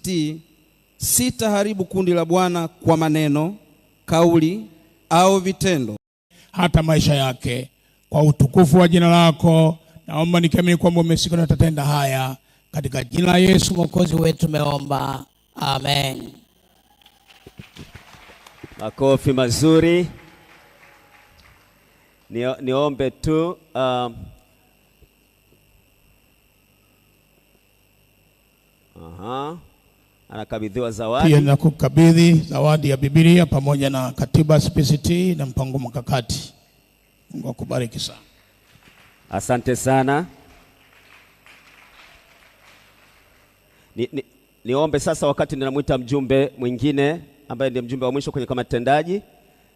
mtii, sitaharibu kundi la Bwana kwa maneno, kauli au vitendo, hata maisha yake. Kwa utukufu wa jina lako naomba nikiamini kwamba umesikia na utatenda haya, katika jina la Yesu mwokozi wetu tumeomba, amen. Makofi mazuri. Niombe tu um, anakabidhiwa zawadi. Pia kukabidhi zawadi ya Biblia pamoja na katiba SPCT na mpango mkakati. Mungu akubariki sana. Asante sana. Ni, ni, niombe sasa wakati ninamwita mjumbe mwingine ambaye ndiye mjumbe wa mwisho kwenye kamati tendaji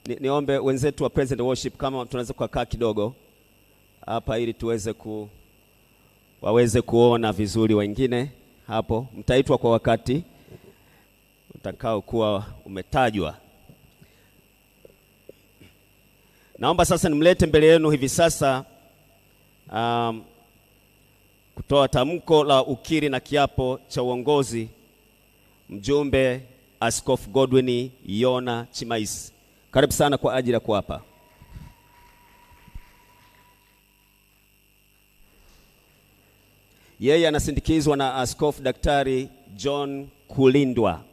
ni, niombe wenzetu wa Present Worship kama tunaweza kukaa kidogo hapa ili tuweze ku waweze kuona vizuri wengine hapo, mtaitwa kwa wakati utakaokuwa umetajwa. Naomba sasa nimlete mbele yenu hivi sasa um, kutoa tamko la ukiri na kiapo cha uongozi mjumbe Askofu Godwin Yona Chimaisi. Karibu sana kwa ajili ya kuapa. Yeye anasindikizwa na Askofu Daktari John Kulindwa.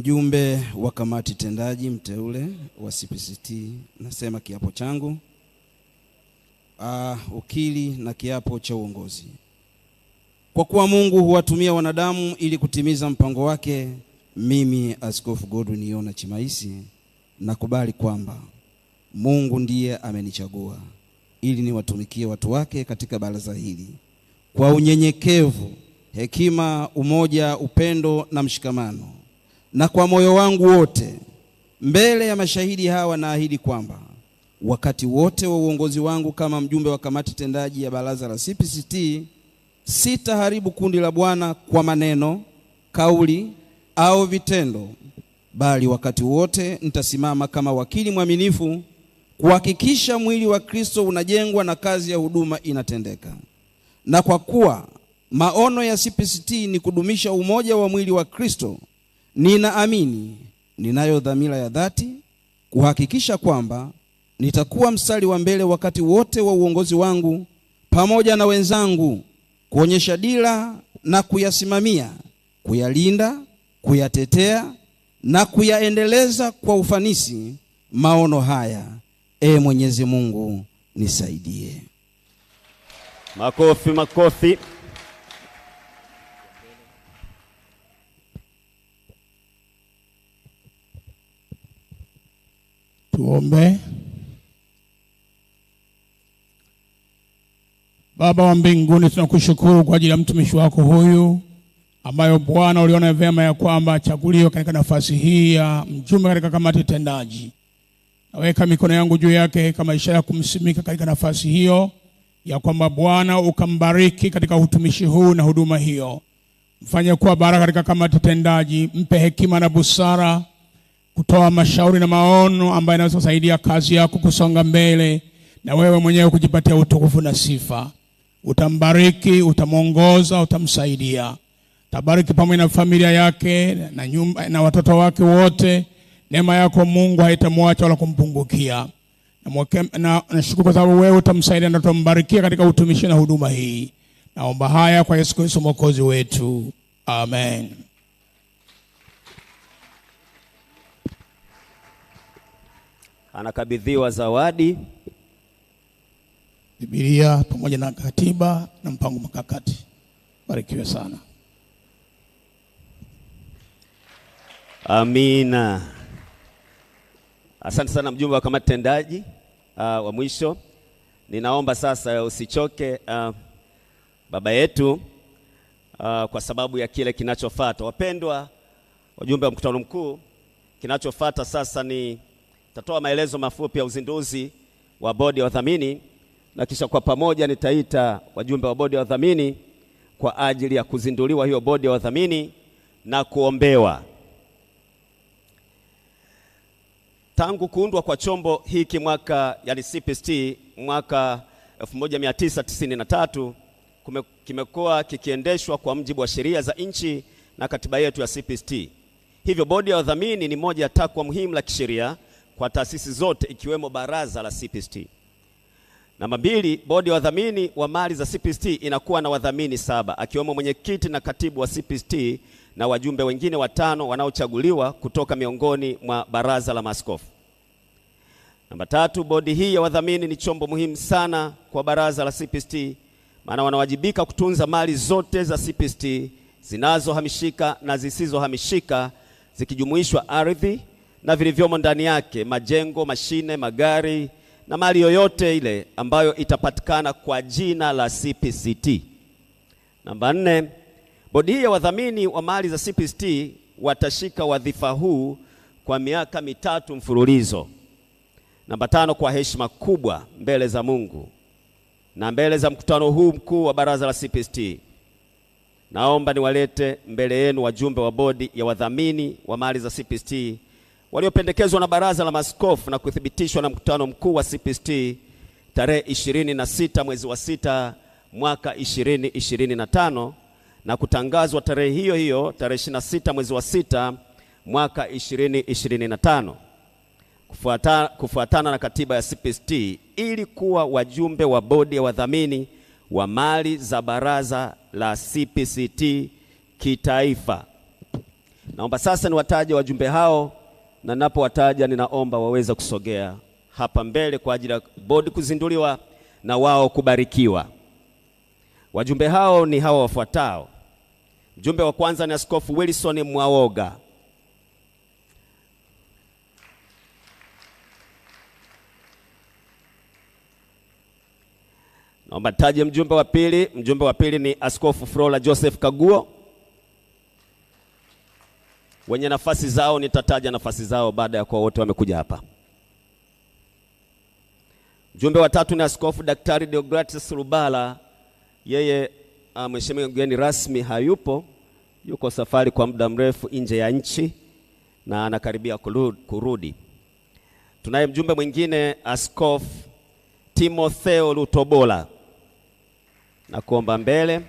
Mjumbe wa kamati tendaji mteule wa CPCT, nasema kiapo changu. Aa, ah, ukili na kiapo cha uongozi. Kwa kuwa Mungu huwatumia wanadamu ili kutimiza mpango wake, mimi Askofu Godwin Yona Chimaisi nakubali kwamba Mungu ndiye amenichagua ili niwatumikie watu wake katika baraza hili kwa unyenyekevu, hekima, umoja, upendo na mshikamano na kwa moyo wangu wote mbele ya mashahidi hawa naahidi kwamba wakati wote wa uongozi wangu kama mjumbe wa kamati tendaji ya baraza la CPCT sitaharibu kundi la Bwana kwa maneno, kauli au vitendo, bali wakati wote nitasimama kama wakili mwaminifu kuhakikisha mwili wa Kristo unajengwa na kazi ya huduma inatendeka. Na kwa kuwa maono ya CPCT ni kudumisha umoja wa mwili wa Kristo Ninaamini ninayo dhamira ya dhati kuhakikisha kwamba nitakuwa mstari wa mbele wakati wote wa uongozi wangu pamoja na wenzangu, kuonyesha dira na kuyasimamia, kuyalinda, kuyatetea na kuyaendeleza kwa ufanisi maono haya. E Mwenyezi Mungu nisaidie. Makofi, makofi. Tuombe. Baba wa mbinguni, tunakushukuru kwa ajili ya mtumishi wako huyu ambayo Bwana uliona vyema ya kwamba achaguliwe katika nafasi hii ya mjumbe katika kamati tendaji. Naweka mikono yangu juu yake kama ishara ya kumsimika katika nafasi hiyo, ya kwamba Bwana ukambariki katika utumishi huu na huduma hiyo. Mfanye kuwa baraka katika kamati tendaji, mpe hekima na busara kutoa mashauri na maono ambayo yanaweza kusaidia kazi yako kusonga mbele na wewe mwenyewe kujipatia utukufu na sifa. Utambariki, utamwongoza, utamsaidia. Tabariki pamoja na familia yake na nyumba, na watoto wake wote. Neema yako Mungu haitamwacha wala kumpungukia. Na nashukuru kwa sababu wewe utamsaidia na utambarikia katika utumishi na huduma hii. Naomba haya kwa Yesu Kristo mwokozi wetu, amen. anakabidhiwa zawadi, Biblia pamoja na katiba na mpango mkakati. Barikiwe sana. Amina. Asante sana mjumbe wa kamati tendaji uh, wa mwisho. Ninaomba sasa usichoke uh, baba yetu uh, kwa sababu ya kile kinachofuata. Wapendwa wajumbe wa mkutano mkuu, kinachofuata sasa ni Nitatoa maelezo mafupi ya uzinduzi wa bodi ya wadhamini na kisha kwa pamoja nitaita wajumbe wa bodi ya wadhamini kwa ajili ya kuzinduliwa hiyo bodi ya wadhamini na kuombewa. Tangu kuundwa kwa chombo hiki mwaka yani CPST mwaka 1993 kimekuwa kikiendeshwa kwa mujibu wa sheria za nchi na katiba yetu ya CPST. Hivyo bodi ya wadhamini ni moja ya takwa muhimu la kisheria kwa taasisi zote ikiwemo baraza la CPST. Namba mbili, bodi ya wadhamini wa mali za CPST inakuwa na wadhamini saba akiwemo mwenyekiti na katibu wa CPST na wajumbe wengine watano wanaochaguliwa kutoka miongoni mwa baraza la maaskofu. Namba tatu, bodi hii ya wadhamini ni chombo muhimu sana kwa baraza la CPST, maana wanawajibika kutunza mali zote za CPST zinazohamishika na zisizohamishika zikijumuishwa ardhi, na vilivyomo ndani yake, majengo, mashine, magari na mali yoyote ile ambayo itapatikana kwa jina la CPCT. Namba nne, bodi hii ya wadhamini wa mali za CPCT watashika wadhifa huu kwa miaka mitatu mfululizo. Namba tano, kwa heshima kubwa mbele za Mungu na mbele za mkutano huu mkuu wa baraza la CPCT, naomba niwalete mbele yenu wajumbe wa bodi ya wadhamini wa mali za CPCT waliopendekezwa na baraza la maskofu na kuthibitishwa na mkutano mkuu wa CPST tarehe 26 mwezi wa sita mwaka 2025 na kutangazwa tarehe hiyo hiyo tarehe 26 mwezi wa sita mwaka 2025 kufuatana, kufuatana na katiba ya CPST ili kuwa wajumbe wa bodi ya wadhamini wa mali za baraza la CPCT kitaifa. Naomba sasa niwataje wajumbe hao na ninapowataja ninaomba waweze kusogea hapa mbele kwa ajili ya bodi kuzinduliwa na wao kubarikiwa. Wajumbe hao ni hawa wafuatao. Mjumbe wa kwanza ni Askofu Wilson Mwaoga. Naomba taje mjumbe wa pili. Mjumbe wa pili ni Askofu frola Joseph Kaguo wenye nafasi zao, nitataja nafasi zao baada ya kuwa wote wamekuja hapa. Mjumbe wa tatu ni Askofu Daktari Deogratius Rubala, yeye ah, mheshimiwa mgeni rasmi hayupo, yuko safari kwa muda mrefu nje ya nchi na anakaribia kurudi. Tunaye mjumbe mwingine Askofu Timotheo Lutobola, nakuomba mbele.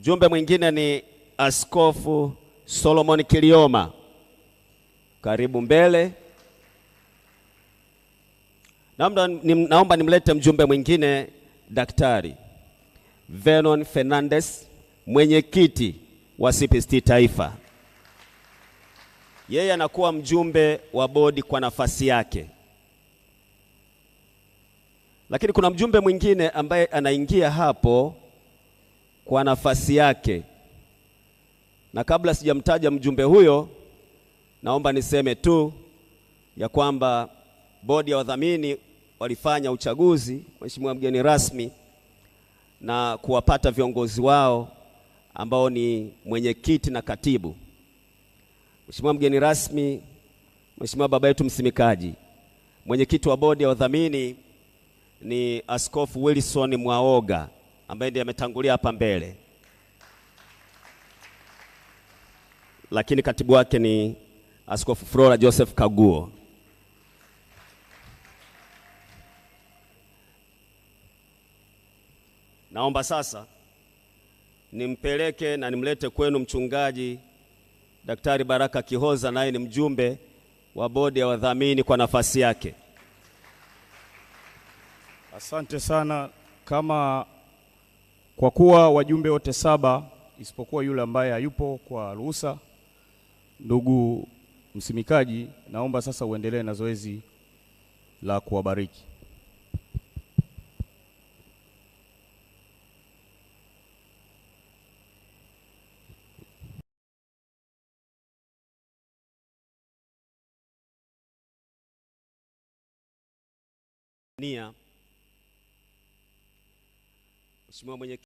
Mjumbe mwingine ni Askofu Solomon Kilioma, karibu mbele. Naomba naomba nimlete mjumbe mwingine Daktari Vernon Fernandez, mwenyekiti wa cpst Taifa. Yeye anakuwa mjumbe wa bodi kwa nafasi yake, lakini kuna mjumbe mwingine ambaye anaingia hapo kwa nafasi yake. Na kabla sijamtaja mjumbe huyo, naomba niseme tu ya kwamba bodi ya wadhamini walifanya uchaguzi, Mheshimiwa mgeni rasmi, na kuwapata viongozi wao ambao ni mwenyekiti na katibu. Mheshimiwa mgeni rasmi, Mheshimiwa baba yetu msimikaji, mwenyekiti wa bodi ya wadhamini ni Askofu Wilson Mwaoga ambaye ndiye ametangulia hapa mbele, lakini katibu wake ni Askofu Flora Joseph Kaguo. Naomba sasa nimpeleke na nimlete kwenu mchungaji Daktari Baraka Kihoza, naye ni mjumbe wa bodi ya wadhamini kwa nafasi yake. Asante sana kama kwa kuwa wajumbe wote saba isipokuwa yule ambaye hayupo kwa ruhusa, ndugu msimikaji, naomba sasa uendelee na zoezi la kuwabariki. Nia Mheshimiwa mwenye